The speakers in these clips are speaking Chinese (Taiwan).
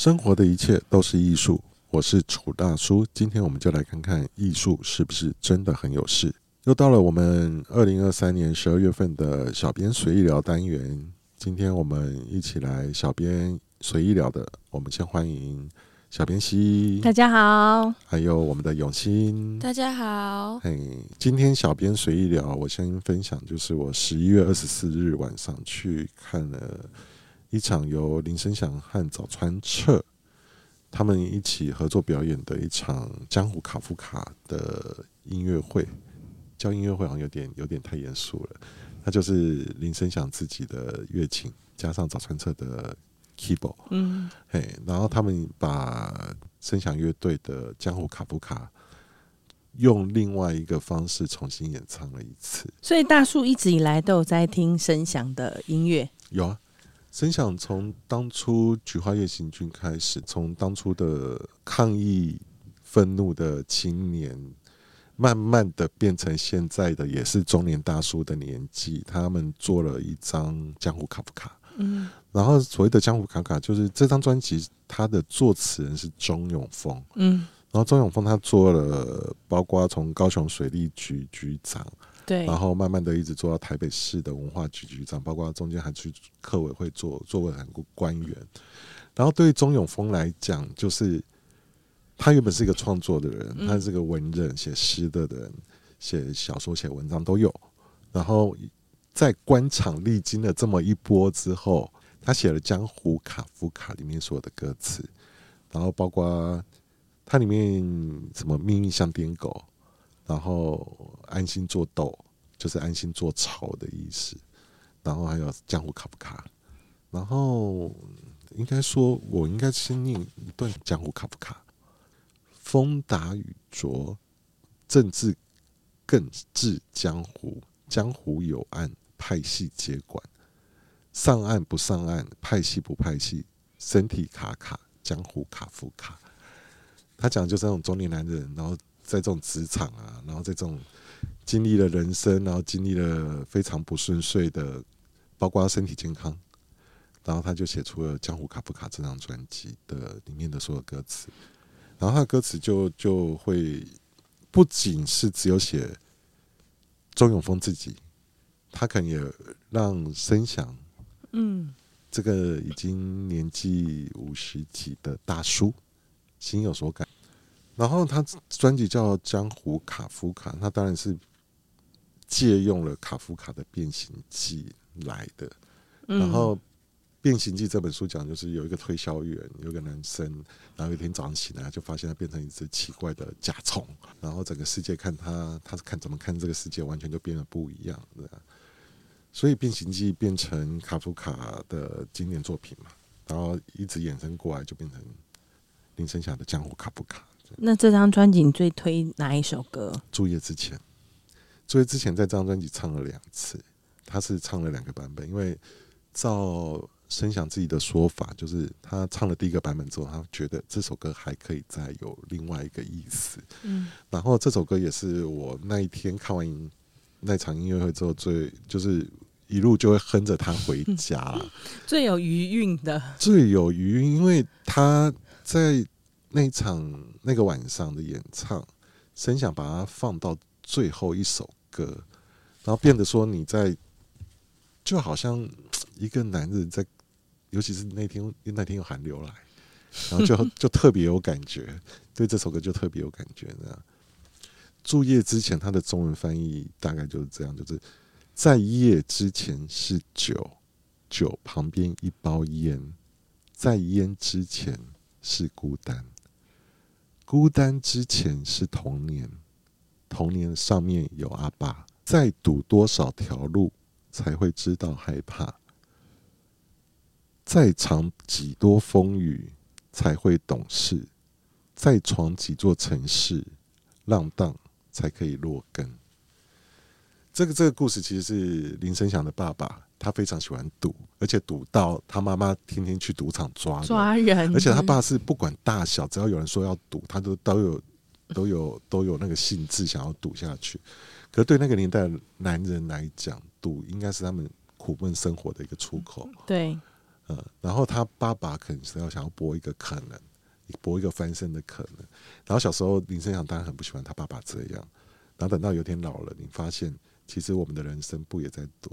生活的一切都是藝術，我是楚大叔。今天我們就來看看藝術是不是真的很有事。又到了我們二零二三年十二月份的小編隨意聊單元，今天我們一起來小編隨意聊的，我們先歡迎小編西，大家好；還有我們的永新，大家好。嘿，今天小編隨意聊，我先分享，就是我十一月二十四日晚上去看了。一場由林生祥和早川徹他們一起合作表演的一場《江湖卡夫卡》的音樂會，叫音樂會好像有點有點太嚴肅了。那就是林生祥自己的樂器加上早川徹的 keyboard，嗯，嘿，然後他們把生祥樂隊的《江湖卡夫卡》用另外一個方式重新演唱了一次。所以大樹一直以來都有在聽生祥的音樂，有啊。真想從當初《菊花夜行軍》開始，從當初的抗議、憤怒的青年，慢慢的變成現在的也是中年大叔的年紀。他們做了一張《江湖卡夫卡》，嗯，然後所謂的《江湖卡夫卡》，就是這張專輯，他的作詞人是鍾永豐，嗯，然後鍾永豐他做了，包括從高雄水利局局長。對，然後慢慢的一直做到台北市的文化局局長，包括中間還去客委會做做過很多官員。然後對於鍾永豐來講，就是他原本是一個創作的人，嗯、他是個文人，寫詩的人，寫小說、寫文章都有。然後在官場歷經了這麼一波之後，他寫了《江湖卡夫卡》裡面所有的歌詞，然後包括他裡面什麼命運像癲狗。然後安心做斗，就是安心做草的意思。然後還有江湖卡不卡。然後應該說我應該先念一段江湖卡不卡：風打雨着，政治更治江湖。江湖有案，派系接管。上岸不上岸，派系不派系，身體卡卡，江湖卡夫卡。他講的就是那種中年男人，然後。在這種職場啊，然後在這種經歷了人生，然後經歷了非常不順遂的，包括他身體健康，然後他就寫出了《江湖卡夫卡》這張專輯的裡面的所有歌詞。然後他的歌詞就就會不僅是只有寫鍾永豐自己，他可能也讓生祥，嗯，這個已經年紀五十幾的大叔心有所感。然後他專輯叫《江湖卡夫卡》，那當然是借用了卡夫卡的《變形記》來的。然後《變形記》這本書講就是有一個推銷員，有個男生，然後一天早上起來就發現他變成一隻奇怪的甲蟲，然後整個世界看他，他是看怎麼看這個世界完全就變得不一樣。所以《變形記》變成卡夫卡的經典作品嘛，然後一直衍生過來就變成林生祥的《江湖卡夫卡》。那這張專輯你最推哪一首歌？《作業之前》，《作業之前》在這張專輯唱了兩次，他是唱了兩個版本。因為照聲響自己的說法，就是他唱了第一個版本之後，他覺得這首歌還可以再有另外一個意思。嗯、然後這首歌也是我那一天看完那場音樂會之後最，最就是一路就會哼着他回家了，嗯，最有餘韻的，最有餘韻，因為他在。那一場那個晚上的演唱，真想把它放到最後一首歌，然後變得說你在就好像一個男人在，尤其是那天那天有寒流來，然後就就特別有感覺， 對這首歌就特別有感覺呢。注夜之前，他的中文翻譯大概就是這樣，就是在夜之前是酒，酒旁邊一包煙，在煙之前是孤單。孤單之前是童年，童年上面有阿爸。再堵多少條路，才會知道害怕？再嘗幾多風雨，才會懂事？再闖幾座城市，浪蕩才可以落根。這個這個故事其實是林生祥的爸爸。他非常喜歡賭，而且賭到他媽媽天天去賭場抓人抓人，而且他爸是不管大小，只要有人說要賭，他都都有都有都有那個興致想要賭下去。可是對那個年代的男人來講，賭應該是他們苦悶生活的一個出口。嗯。對，嗯。然後他爸爸肯定要想要搏一個可能，搏一個翻身的可能。然後小時候林生祥當然很不喜歡他爸爸這樣。然後等到有點老了，你發現其實我們的人生不也在賭？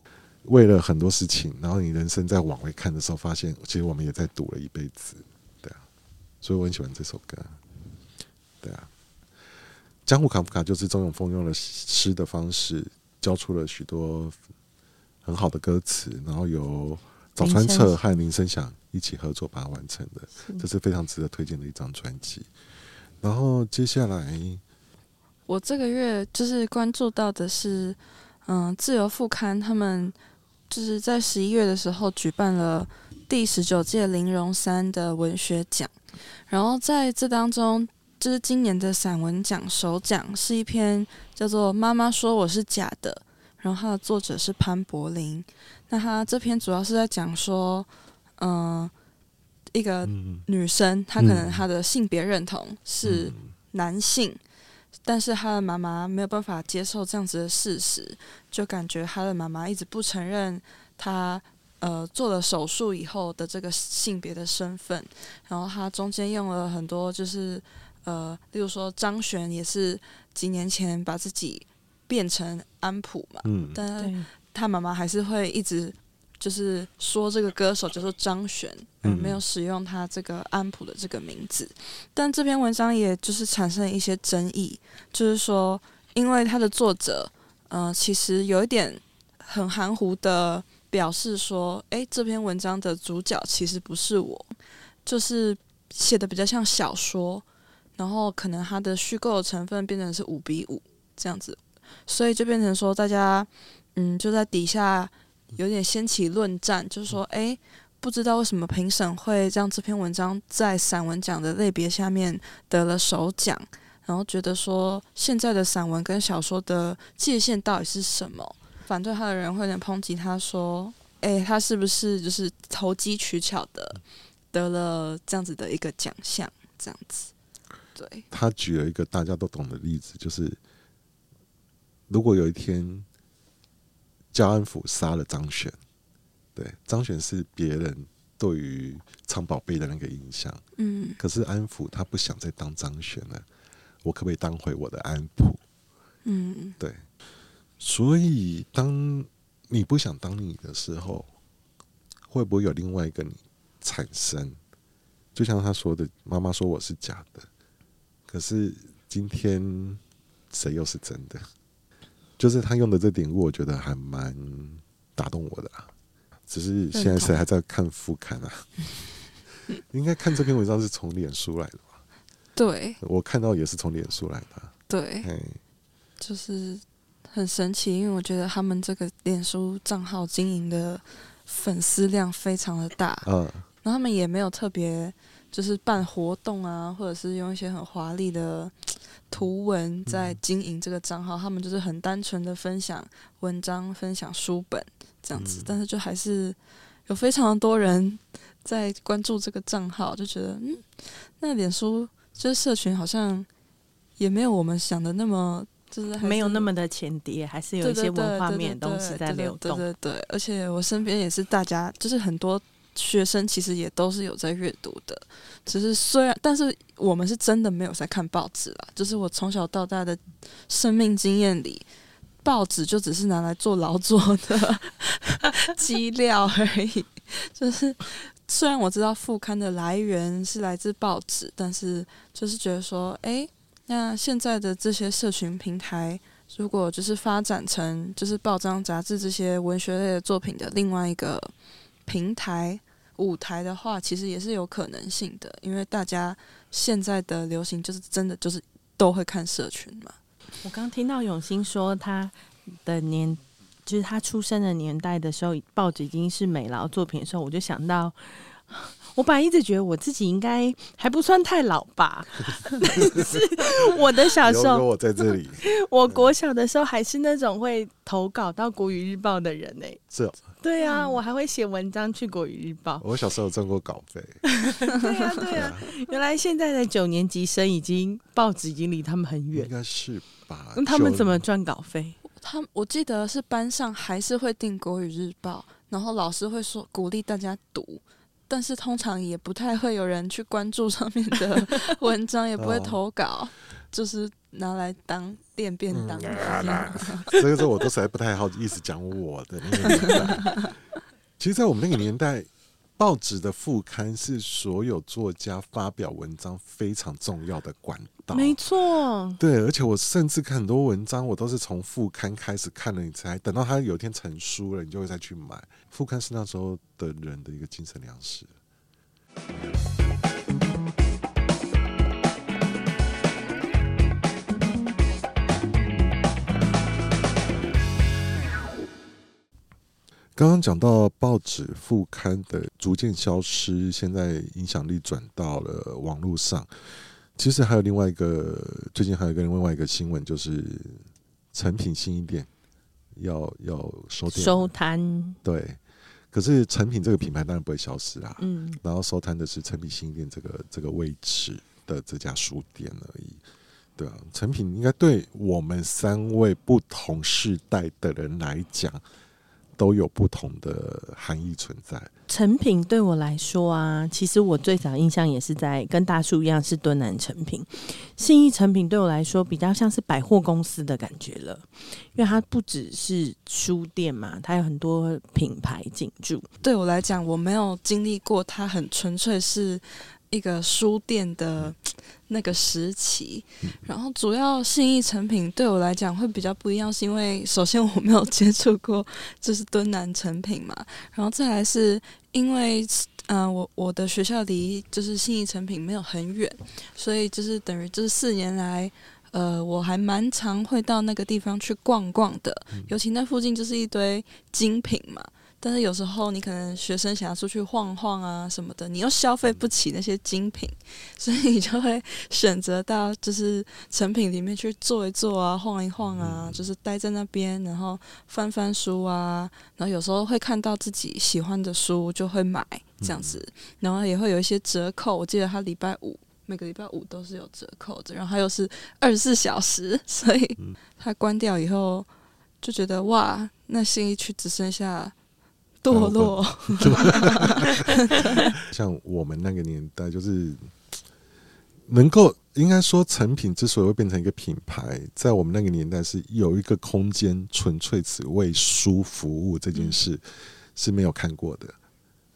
為了很多事情，然後你人生再往回看的時候，發現其實我們也在賭了一輩子，對啊，所以我很喜歡這首歌，對啊，《江湖卡夫卡》就是周永峰用了詩的方式，交出了許多很好的歌詞，然後由早川徹和林生祥一起合作把它完成的，是這是非常值得推薦的一張專輯。然後接下來，我這個月就是關注到的是，嗯，《自由副刊》他們。就是在十一月的時候舉辦了第十九屆林榮三文學獎，然後在這當中，就是今年的散文獎首獎是一篇叫做《媽媽說我是假的》，然後它的作者是潘柏林。那他這篇主要是在講說，嗯、呃，一個女生、嗯，她可能她的性別認同是男性。嗯嗯但是他的媽媽沒有辦法接受這樣子的事實，就感覺他的媽媽一直不承認他呃做了手術以後的這個性別的身份。然後他中間用了很多，就是呃，例如說張懸也是幾年前把自己變成安溥嘛，嗯、但他媽媽還是會一直。就是說，這個歌手叫做張懸，沒有使用他這個安溥的這個名字。但這篇文章也就是產生一些爭議，就是說，因為他的作者，嗯、呃，其實有一點很含糊的表示說，哎、欸，這篇文章的主角其實不是我，就是寫的比較像小說，然後可能他的虛構的成分變成是五比五這樣子，所以就變成說，大家，嗯，就在底下。有點掀起論戰，就是說，哎、欸，不知道為什麼評審會將這篇文章在散文獎的類別下面得了首獎，然後覺得說，現在的散文跟小說的界限到底是什麼？反對他的人會有點抨擊他說，哎、欸，他是不是就是投機取巧的得了這樣子的一個獎項？這樣子，對，他舉了一個大家都懂的例子，就是如果有一天。焦安溥殺了張懸，對，張懸是別人對於藏寶貝的那個印象，嗯，可是安溥他不想再當張懸了，我可不可以當回我的安溥？嗯，對，所以當你不想當你的時候，會不會有另外一個你產生？就像他說的，媽媽說我是假的，可是今天誰又是真的？就是他用的這典故，我覺得還蠻打動我的啦。只是現在誰還在看副刊啊？應該看這篇文章是從臉書來的吧？對，我看到也是從臉書來的。對，就是很神奇，因為我覺得他們這個臉書賬號經營的粉絲量非常的大，嗯，那他們也沒有特別。就是辦活動啊，或者是用一些很華麗的圖文在經營這個賬號，嗯。他們就是很單純的分享文章、分享書本這樣子，嗯，但是就還是有非常多人在關注這個賬號，就覺得嗯，那臉書這、就是、社群好像也沒有我們想的那麼就是，是沒有那麼的淺碟，還是有一些文化面東西在流動。對對，對對對，而且我身邊也是大家，就是很多。學生其實也都是有在閱讀的，只、就是雖然，但是我們是真的沒有在看報紙啦。就是我從小到大的生命經驗裡，報紙就只是拿來做勞作的資 料而已。就是雖然我知道副刊的來源是來自報紙，但是就是覺得說，誒、欸，那現在的這些社群平台，如果就是發展成就是報章、雜誌這些文學類的作品的另外一個平台。舞台的話，其實也是有可能性的，因為大家現在的流行就是真的就是都會看社群嘛。我剛聽到永興說他的年，就是他出生的年代的時候，報紙已經是美勞作品的時候，我就想到。我本來一直覺得我自己應該還不算太老吧，但是我的小時候我在這裡，我國小的時候還是那種會投稿到國語日報的人呢。是，對啊，我還會寫文章去國語日報，我小時候有賺過稿費，對啊對啊，原來現在的九年級生已經報紙已經離他們很遠，應該是吧？那他們怎麼賺稿費？他我記得是班上還是會訂國語日報，然後老師會說鼓勵大家讀。但是通常也不太會有人去關注上面的文章， 也不會投稿，哦、就是拿來當墊便當。所以說，嗯啊啊這個、我都實在不太好意思講我的那個年代。 其實，在我們那個年代，報紙的副刊是所有作家發表文章非常重要的管道。沒錯、啊，對，而且我甚至看很多文章，我都是從副刊開始看了，你才等到他有一天成書了，你就會再去買。副刊是那時候的人的一個精神糧食。剛剛講到報紙副刊的逐漸消失，現在影響力轉到了網絡上。其實還有另外一個，最近還有一個另外一個新聞，就是誠品信義店，要要收收攤，對。可是誠品這個品牌當然不會消失啊，嗯，然後收攤的是誠品信義店這個這個位置的這家書店而已，對啊，誠品應該對我們三位不同世代的人來講。都有不同的含義存在。誠品對我來說啊，其實我最早印象也是在跟大樹一樣是敦南誠品。信義誠品對我來說比較像是百貨公司的感覺了，因為它不只是書店嘛，它有很多品牌進駐。對我來講，我沒有經歷過它很純粹是。一個書店的那個時期，然後主要信義誠品對我來講會比較不一樣，是因為首先我沒有接觸過，就是敦南誠品嘛，然後再來是因為，嗯、呃，我我的學校離就是信義誠品沒有很遠，所以就是等於就是四年來，呃，我還蠻常會到那個地方去逛逛的，尤其那附近就是一堆精品嘛。但是有時候你可能學生想要出去晃晃啊什麼的，你又消費不起那些精品，所以你就會選擇到就是誠品裡面去坐一坐啊，晃一晃啊，就是待在那邊，然後翻翻書啊，然後有時候會看到自己喜歡的書就會買這樣子，然後也會有一些折扣。我記得他禮拜五每個禮拜五都是有折扣的，然後他又是二十四小時，所以他關掉以後就覺得哇，那信義區只剩下。墮落， 像我們那個年代，就是能夠應該說，誠品之所以會變成一個品牌，在我們那個年代是有一個空間，純粹只為書服務這件事是沒有看過的。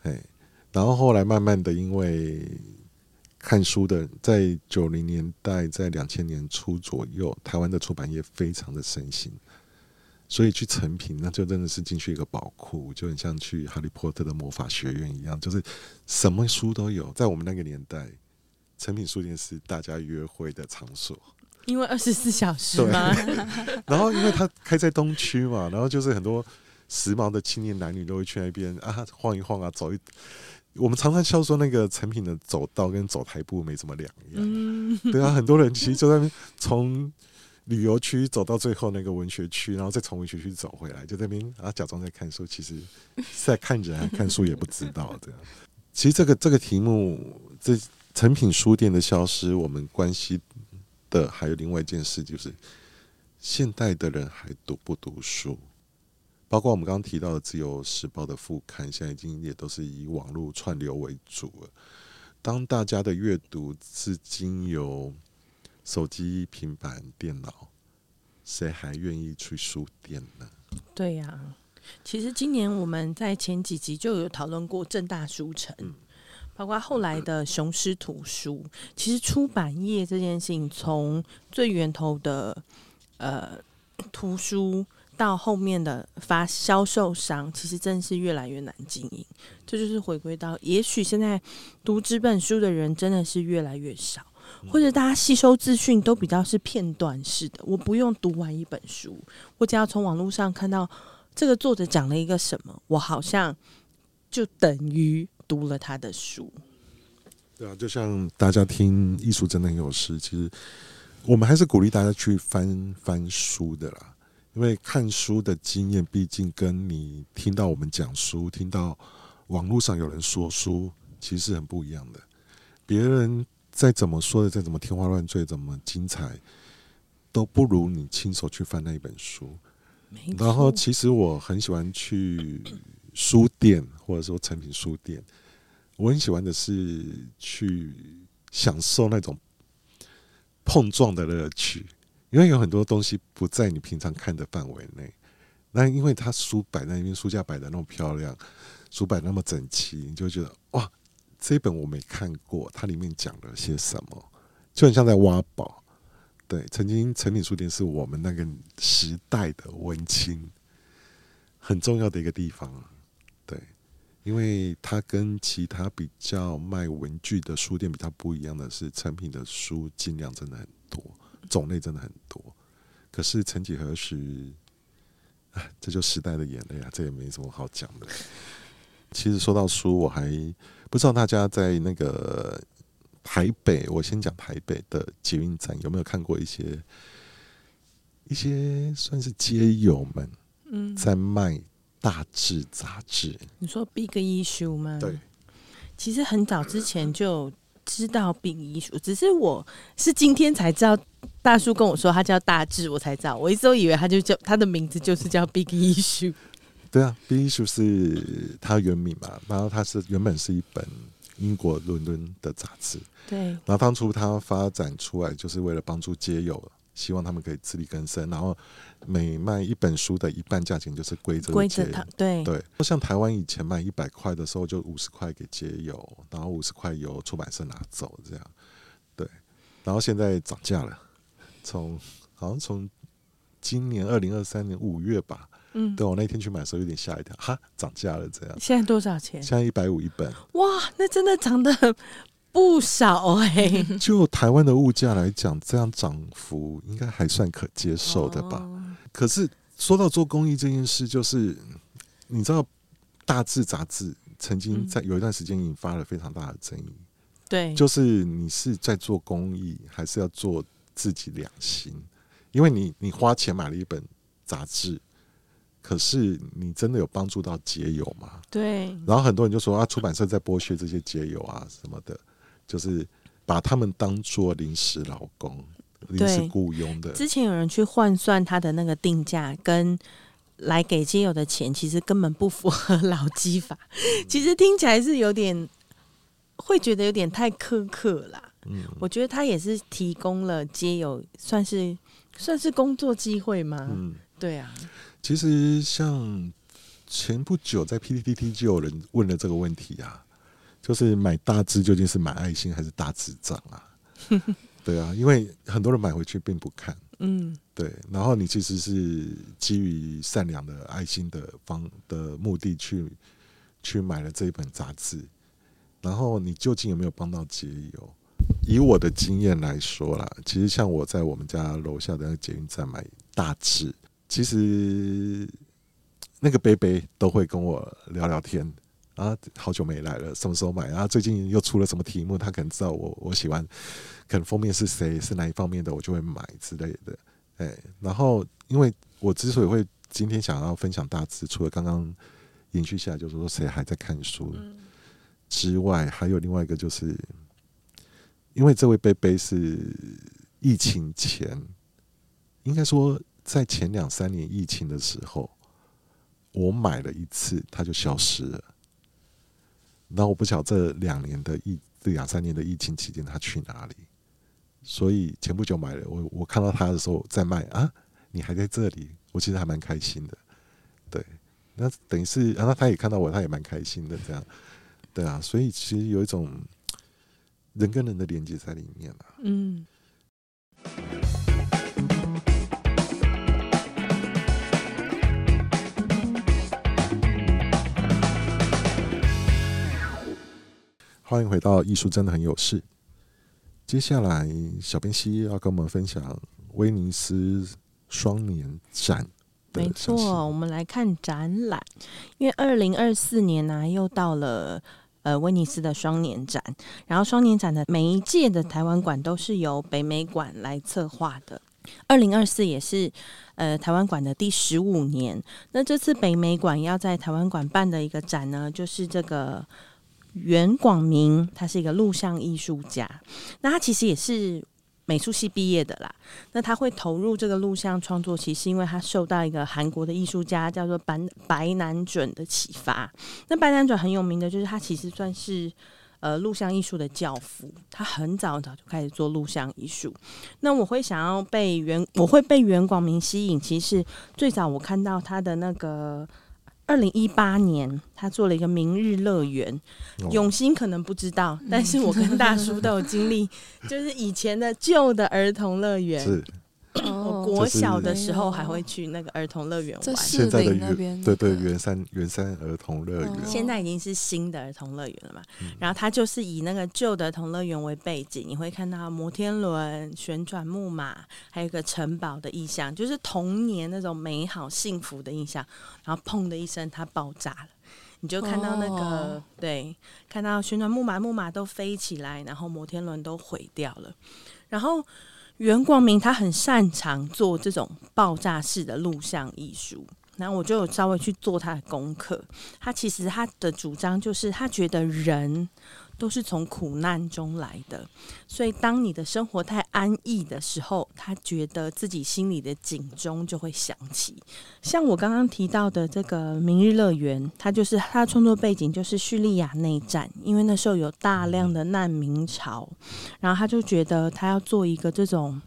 哎，然後後來慢慢的，因為看書的，在九零年代，在兩千年初左右，台灣的出版業非常的盛行。所以去誠品，那就真的是進去一個寶庫，就很像去哈利波特的魔法學院一樣，就是什麼書都有。在我們那個年代，誠品書店是大家約會的場所，因為二十四小時嗎？對 然後因為它開在東區嘛，然後就是很多時髦的青年男女都會去那邊啊晃一晃啊走一。我們常常笑說那個誠品的走道跟走台步沒什麼兩樣，嗯、對啊，很多人其實就在那邊從。旅遊區走到最後那個文學區，然後再從文學區走回來，就在那邊啊，假裝在看書，其實是在看人還看書也不知道這樣 其實這個這個題目，這成品書店的消失，我們關心的還有另外一件事，就是現代的人還讀不讀書？包括我們剛剛提到的《自由時報》的副刊，現在已經也都是以網絡串流為主了。當大家的閱讀是經由。手機、平板、電腦，誰還願意去書店呢？對呀、啊，其實今年我們在前幾集就有討論過政大書城、嗯，包括後來的雄獅圖書、嗯。其實出版業這件事情，從最源頭的呃圖書到後面的發銷售商，其實真是越來越難經營。這就是回歸到，也許現在讀紙本書的人真的是越來越少。或者大家吸收資訊都比較是片段式的，我不用讀完一本書，我只要從網絡上看到這個作者講了一個什麼，我好像就等於讀了他的書。對啊，就像大家聽藝術真的很有事，其實我們還是鼓勵大家去翻翻書的啦，因為看書的經驗，畢竟跟你聽到我們講書、聽到網絡上有人說書，其實很不一樣的，別人。再怎麼說的，再怎麼天花亂墜，怎麼精彩，都不如你親手去翻那一本書。然後，其實我很喜歡去書店，或者說誠品書店。我很喜歡的是去享受那種碰撞的樂趣，因為有很多東西不在你平常看的範圍內。那因為他書擺在那邊，書架擺的那麼漂亮，書擺那麼整齊，你就覺得哇這一本我沒看過，它裡面講了些什麼？就很像在挖寶。對，曾經誠品書店是我們那個時代的文青很重要的一個地方。對，因為它跟其他比較賣文具的書店比較不一樣的是，誠品的書盡量真的很多，種類真的很多。可是曾幾何時，哎，這就時代的眼淚啊！這也沒什麼好講的。其實說到書，我還……不知道大家在那個台北，我先講台北的捷運站，有沒有看過一些一些算是街友們，嗯，在賣大志雜誌，嗯。你說 Big Issue 嗎？對，其實很早之前就知道 Big Issue，只是我是今天才知道，大叔跟我說他叫大志，我才知道，我一直都以為他就叫他的名字就是叫 Big Issue。對啊，Big Issue 是它原名嘛，然後它是原本是一本英國倫敦的雜誌，對。然後當初它發展出來就是為了幫助街友，希望他們可以自力更生。然後每賣一本書的一半價錢就是歸這些，對對。不像台灣以前賣一百塊的時候就五十塊給街友，然後五十塊由出版社拿走這樣，對。然後現在漲價了，從好像從今年二零二三年五月吧。嗯，對我那天去買的時候有點嚇一跳，哈，漲價了這樣。現在多少錢？現在一百五一本。哇，那真的漲得很不少哎、欸。就台灣的物價來講，這樣漲幅應該還算可接受的吧？哦、可是說到做公益這件事，就是你知道，大誌雜誌曾經在有一段時間引發了非常大的爭議。嗯、對，就是你是在做公益，還是要做自己良心？因為你你花錢買了一本雜誌。可是你真的有幫助到街友嗎？對。然後很多人就說啊，出版社在剝削這些街友啊什麼的，就是把他們當做臨時勞工、臨時僱傭的。之前有人去換算他的那個定價跟來給街友的錢，其實根本不符合勞基法，嗯。其實聽起來是有點會覺得有點太苛刻了。嗯，我覺得他也是提供了街友，算是算是工作機會嗎？嗯。對呀、啊，其實像前不久在 PTT 就有人問了這個問題啊，就是買大誌究竟是買愛心還是大紙仗啊？ 對啊，因為很多人買回去並不看，嗯，對。然後你其實是基於善良的愛心的方的目的去去買了這一本雜誌，然後你究竟有沒有幫到街友？以我的經驗來說啦，其實像我在我們家樓下的那個捷運站買大誌。其實那個貝貝都會跟我聊聊天啊，好久沒來了，什麼時候買啊？最近又出了什麼題目？他可能知道我我喜歡，可能封面是誰，是哪一方面的，我就會買之類的。哎、欸，然後因為我之所以會今天想要分享大致，除了剛剛延續下來就是說誰還在看書之外，還有另外一個就是，因為這位貝貝是疫情前，嗯、應該說。在前兩三年疫情的時候，我買了一次，它就消失了。那我不曉得這兩年的疫這兩三年的疫情期間，它去哪裡？所以前不久買了，我我看到他的時候在賣啊，你還在這裡，我其實還蠻開心的。對，那等於是、啊，那他也看到我，他也蠻開心的，這樣。對啊，所以其實有一種人跟人的連接在裡面了、啊。嗯。歡迎回到藝術真的很有事。接下來，小編夕要跟我們分享威尼斯雙年展。沒錯，我們來看展覽，因為二零二四年呢，啊，又到了呃威尼斯的雙年展。然後，雙年展的每一屆的台灣館都是由北美館來策劃的。二零二四也是呃台灣館的第十五年。那這次北美館要在台灣館辦的一個展呢，就是這個。袁廣明，他是一個錄像藝術家。那他其實也是美術系畢業的啦。那他會投入這個錄像創作，其實是因為他受到一個韓國的藝術家叫做白白南準的啟發。那白南準很有名的，就是他其實算是呃錄像藝術的教父。他很早很早就開始做錄像藝術。那我會想要被袁，我會被袁廣明吸引，其實最早我看到他的那個。二零一八年，他做了一個明日樂園，永、哦、興可能不知道，但是我跟大叔都有經歷，嗯、 就是以前的舊的兒童樂園。哦、國小的時候還會去那個兒童樂園玩，就是。現在的園、那個，對對，對，圓山圓山兒童樂園、哦，現在已經是新的兒童樂園了嘛、嗯？然後它就是以那個舊的兒童樂園為背景，你會看到摩天輪、旋轉木馬，還有個城堡的印象，就是童年那種美好幸福的印象。然後砰的一聲，它爆炸了，你就看到那個、哦、對，看到旋轉木馬木馬都飛起來，然後摩天輪都毀掉了，然後。袁光明他很擅長做這種爆炸式的錄像藝術，然後我就有稍微去做他的功課。他其實他的主張就是，他覺得人。都是從苦難中來的，所以當你的生活太安逸的時候，他覺得自己心裡的警鐘就會響起。像我剛剛提到的這個《明日樂園》，它就是他的創作背景就是敘利亞內戰，因為那時候有大量的難民潮，然後他就覺得他要做一個這種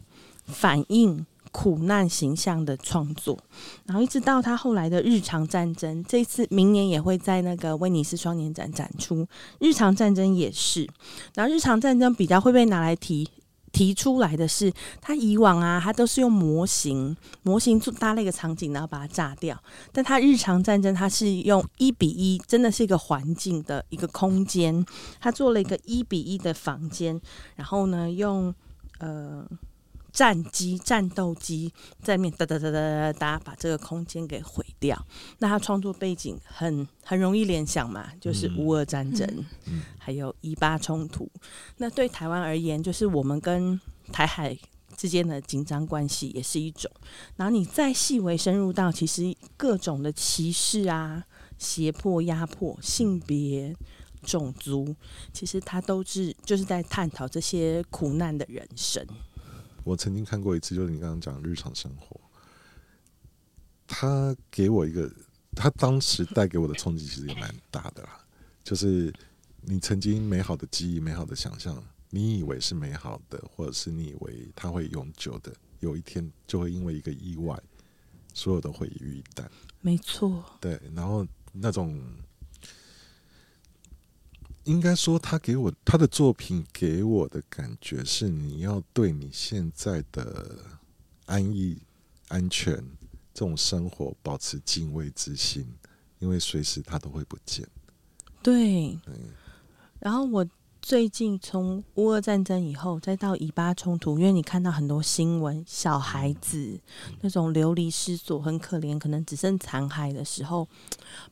反應。苦難形象的創作，然後一直到他後來的《日常戰爭》，這次明年也會在那個威尼斯雙年展展出。《日常戰爭》也是，然後《日常戰爭》比較會被拿來提提出來的是，他以往啊，他都是用模型，模型做搭了一個場景，然後把它炸掉。但他《日常戰爭》他是用一比一，真的是一個環境的一個空間，他做了一個一比一的房間，然後呢，用呃。戰機、戰鬥機在面噠噠噠噠噠噠，把這個空間給毀掉。那他創作背景很很容易聯想嘛，就是烏俄戰爭，嗯、還有以巴衝突。那對台灣而言，就是我們跟台海之間的緊張關係也是一種。然後你再細微深入到，其實各種的歧視啊、脅迫、壓迫、性別、種族，其實他都是就是在探討這些苦難的人生。我曾經看過一次，就是你剛剛講日常生活，他給我一個，他當時帶給我的衝擊其實也蠻大的啦。就是你曾經美好的記憶、美好的想象，你以為是美好的，或者是你以為他會永久的，有一天就會因為一個意外，所有的毀於一旦。沒錯。對，然後那種。應該說，他給我他的作品給我的感覺是，你要對你現在的安逸、安全這種生活保持敬畏之心，因為隨時他都會不見。對。對。然後我最近從烏俄戰爭以後，再到以巴衝突，因為你看到很多新聞，小孩子那種流離失所、很可憐，可能只剩殘骸的時候，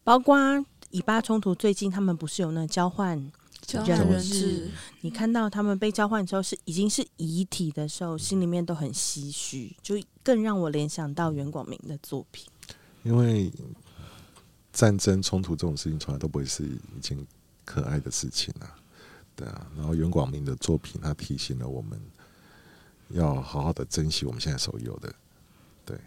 包括。以巴衝突最近，他們不是有那個交換交換人質？你看到他們被交換之後，是已經是遺體的時候，心裡面都很唏噓，就更讓我聯想到袁廣明的作品。因為戰爭衝突這種事情，從來都不會是一件可愛的事情啊。對啊，然後袁廣明的作品，他提醒了我們要好好的珍惜我們現在所有的。對，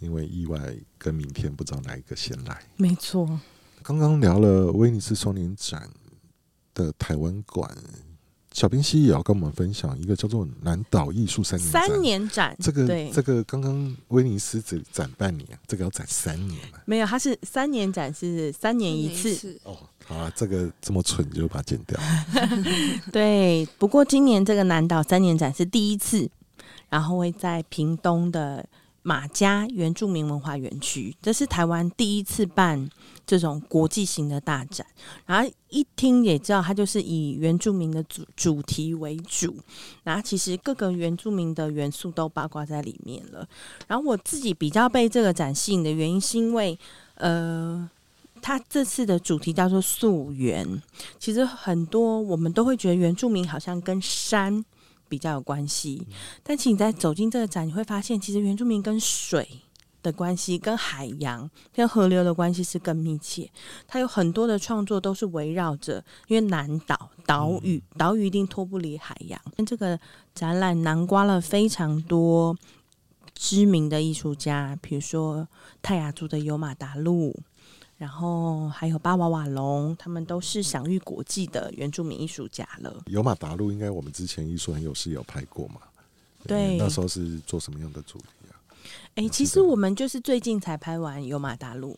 因為意外跟明天，不知道哪一個先來。沒錯。剛剛聊了威尼斯雙年展的台灣館，小編 C 也要跟我們分享一個叫做南島藝術三年三年展，這個對，這個剛剛威尼斯只展半年，這個要展三年，啊、沒有，它是三年展，是三年一次。哦，好，啊、這個這麼蠢就把它剪掉。 對，不過今年這個南島三年展是第一次，然後會在屏東的瑪家原住民文化園區，這是台灣第一次辦。這種國際型的大展，然後一聽也知道，它就是以原住民的主主題為主，然後其實各個原住民的元素都包括在裡面了。然後我自己比較被這個展吸引的原因，是因為呃，它這次的主題叫做溯源。其實很多我們都會覺得原住民好像跟山比較有關係，但其實你在走進這個展，你會發現，其實原住民跟水。的關係跟海洋、跟河流的關係是更密切。它有很多的創作都是圍繞着，因為南島島嶼、島嶼、嗯嗯、一定脫不離海洋。跟這個展覽囊括了非常多知名的藝術家，比如說泰雅族的尤馬達路，然後還有巴瓦瓦隆，他們都是享譽國際的原住民藝術家了。尤馬達路應該我們之前藝術很有事有拍過嘛，對？對，那時候是做什麼樣的主哎、欸，其實我們就是最近才拍完尤瑪·達陸，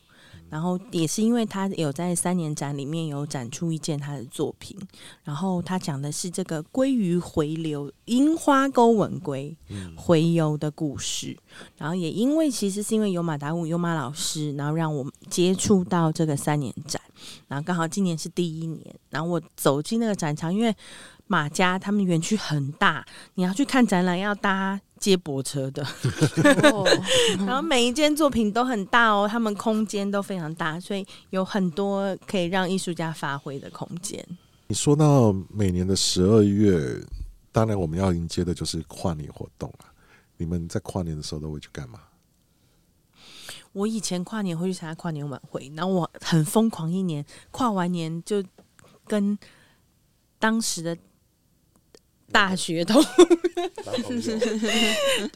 然後也是因為他有在三年展裡面有展出一件他的作品，然後他講的是這個鮭魚回流，櫻花鉤吻鮭洄游的故事。然後也因為其實是因為尤瑪·達陸尤馬老師，然後讓我接觸到這個三年展，然後剛好今年是第一年，然後我走進那個展場，因為馬家他們園區很大，你要去看展覽要搭。接駁車的， 然後每一件作品都很大哦，他們空間都非常大，所以有很多可以讓藝術家發揮的空間。你說到每年的十二月，當然我們要迎接的就是跨年活動啊。你們在跨年的時候都會去幹嘛？我以前跨年會去參加跨年晚會，然後我很瘋狂，一年跨完年就跟當時的。大學都、嗯。學童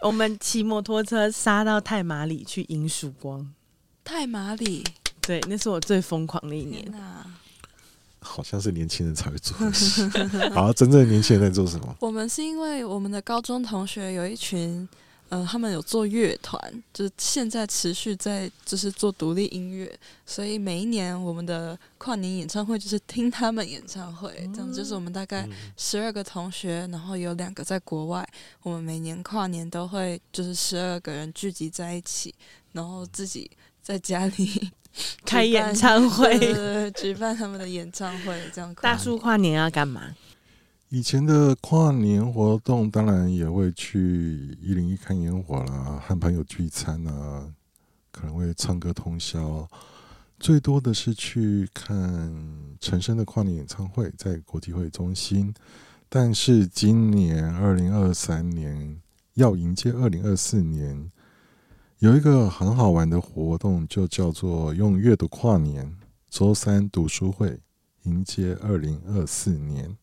我們騎摩托車殺到太麻里去迎曙光。太麻里，對，那是我最瘋狂的一年。好像是年輕人才會做 好、啊，真正的年輕人在做什麼？我們是因為我們的高中同學有一群。嗯、呃，他們有做樂團，就是現在持續在就是做獨立音樂，所以每一年我們的跨年演唱會就是聽他們演唱會，嗯、這樣就是我們大概十二個同學、嗯，然後有兩個在國外，我們每年跨年都會就是十二個人聚集在一起，然後自己在家裡開演唱會，辦對對 舉辦他們的演唱會這樣。大叔跨年要幹嘛？以前的跨年活動，當然也會去一零一看煙火啦，和朋友聚餐啊，可能會唱歌通宵。最多的是去看陳升的跨年演唱會，在國際會議中心。但是今年二零二三年要迎接二零二四年，有一個很好玩的活動，就叫做用閱讀跨年，週三讀書會迎接二零二四年。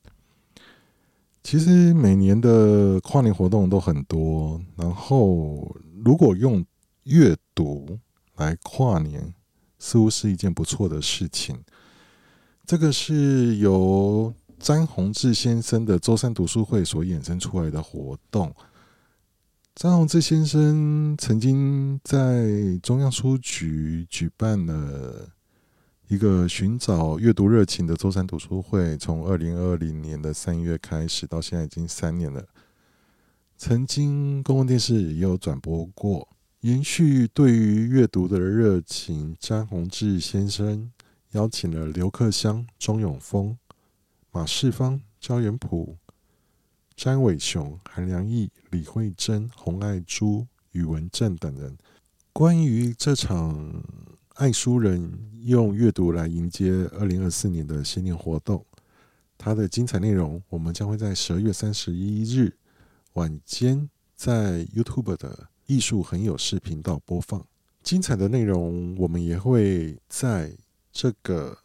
其實每年的跨年活動都很多，然後如果用閱讀來跨年，似乎是一件不錯的事情。這個是由詹宏志先生的周三讀書會所衍生出來的活動。詹宏志先生曾經在中央書局舉辦了。一個尋找閱讀熱情的周三讀書會，從二零二零年的三月開始，到現在已經三年了。曾經公共電視也有轉播過。延續對於閱讀的熱情，詹宏志先生邀請了劉克襄、鍾永豐、馬世芳、焦元溥、詹偉雄、韓良義、李惠珍、洪愛珠、宇文正等人。關於這場。愛書人用閱讀來迎接二零二四年的新年活動，它的精彩內容我們將會在十二月三十一日晚間在 YouTube 的藝術很有事頻道播放。精彩的內容我們也會在這個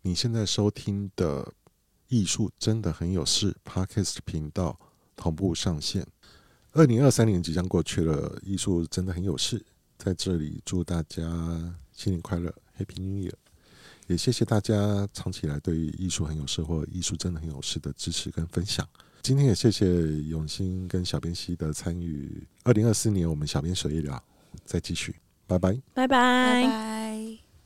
你現在收聽的《藝術真的很有事》Podcast 頻道同步上線。二零二三年即將過去了，藝術真的很有事，在這裡祝大家。新年快樂，Happy New Year！也謝謝大家長期以來對於藝術很有事或藝術真的很有事的支持跟分享。今天也謝謝永新跟小編希的參與。二零二四年，我們小編隨意聊再繼續，拜拜，拜拜。拜拜拜拜。